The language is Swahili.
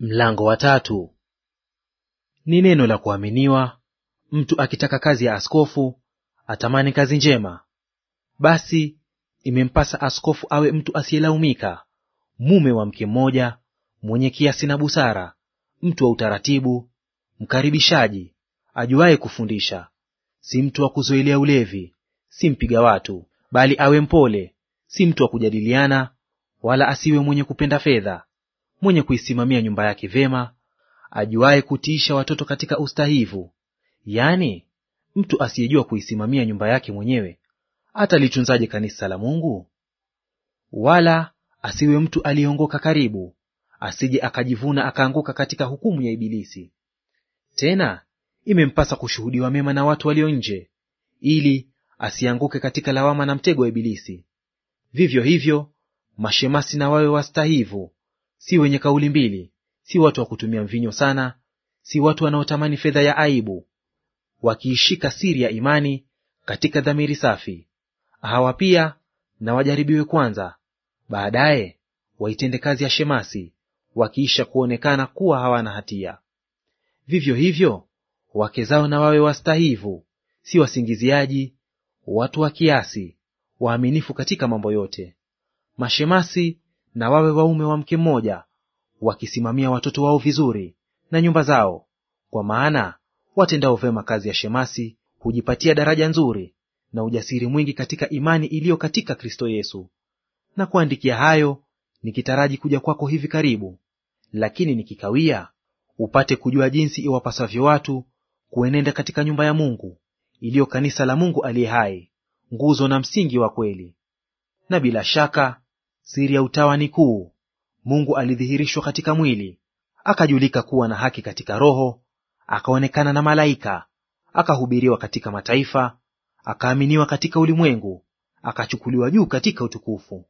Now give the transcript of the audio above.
Mlango wa tatu. Ni neno la kuaminiwa mtu akitaka kazi ya askofu atamani kazi njema. Basi imempasa askofu awe mtu asiyelaumika, mume wa mke mmoja, mwenye kiasi na busara, mtu wa utaratibu, mkaribishaji, ajuaye kufundisha, si mtu wa kuzoelea ulevi, si mpiga watu, bali awe mpole, si mtu wa kujadiliana, wala asiwe mwenye kupenda fedha mwenye kuisimamia nyumba yake vema ajuaye kutiisha watoto katika ustahivu, yaani mtu asiyejua kuisimamia nyumba yake mwenyewe atalitunzaje kanisa la Mungu? Wala asiwe mtu aliyeongoka karibu, asije akajivuna akaanguka katika hukumu ya Ibilisi. Tena imempasa kushuhudiwa mema na watu walio nje, ili asianguke katika lawama na mtego wa Ibilisi. Vivyo hivyo mashemasi na wawe wastahivu, si wenye kauli mbili, si watu wa kutumia mvinyo sana, si watu wanaotamani fedha ya aibu, wakiishika siri ya imani katika dhamiri safi. Hawa pia na wajaribiwe kwanza, baadaye waitende kazi ya shemasi, wakiisha kuonekana kuwa hawana hatia. Vivyo hivyo wake zao na wawe wastahivu, si wasingiziaji, watu wa kiasi, waaminifu katika mambo yote. Mashemasi na wawe waume wa mke mmoja, wakisimamia watoto wao vizuri na nyumba zao, kwa maana watendao vema kazi ya shemasi hujipatia daraja nzuri na ujasiri mwingi katika imani iliyo katika Kristo Yesu. Na kuandikia hayo nikitaraji kuja kwako hivi karibu, lakini nikikawia, upate kujua jinsi iwapasavyo watu kuenenda katika nyumba ya Mungu iliyo kanisa la Mungu aliye hai, nguzo na msingi wa kweli. Na bila shaka Siri ya utawa ni kuu: Mungu alidhihirishwa katika mwili, akajulika kuwa na haki katika Roho, akaonekana na malaika, akahubiriwa katika mataifa, akaaminiwa katika ulimwengu, akachukuliwa juu katika utukufu.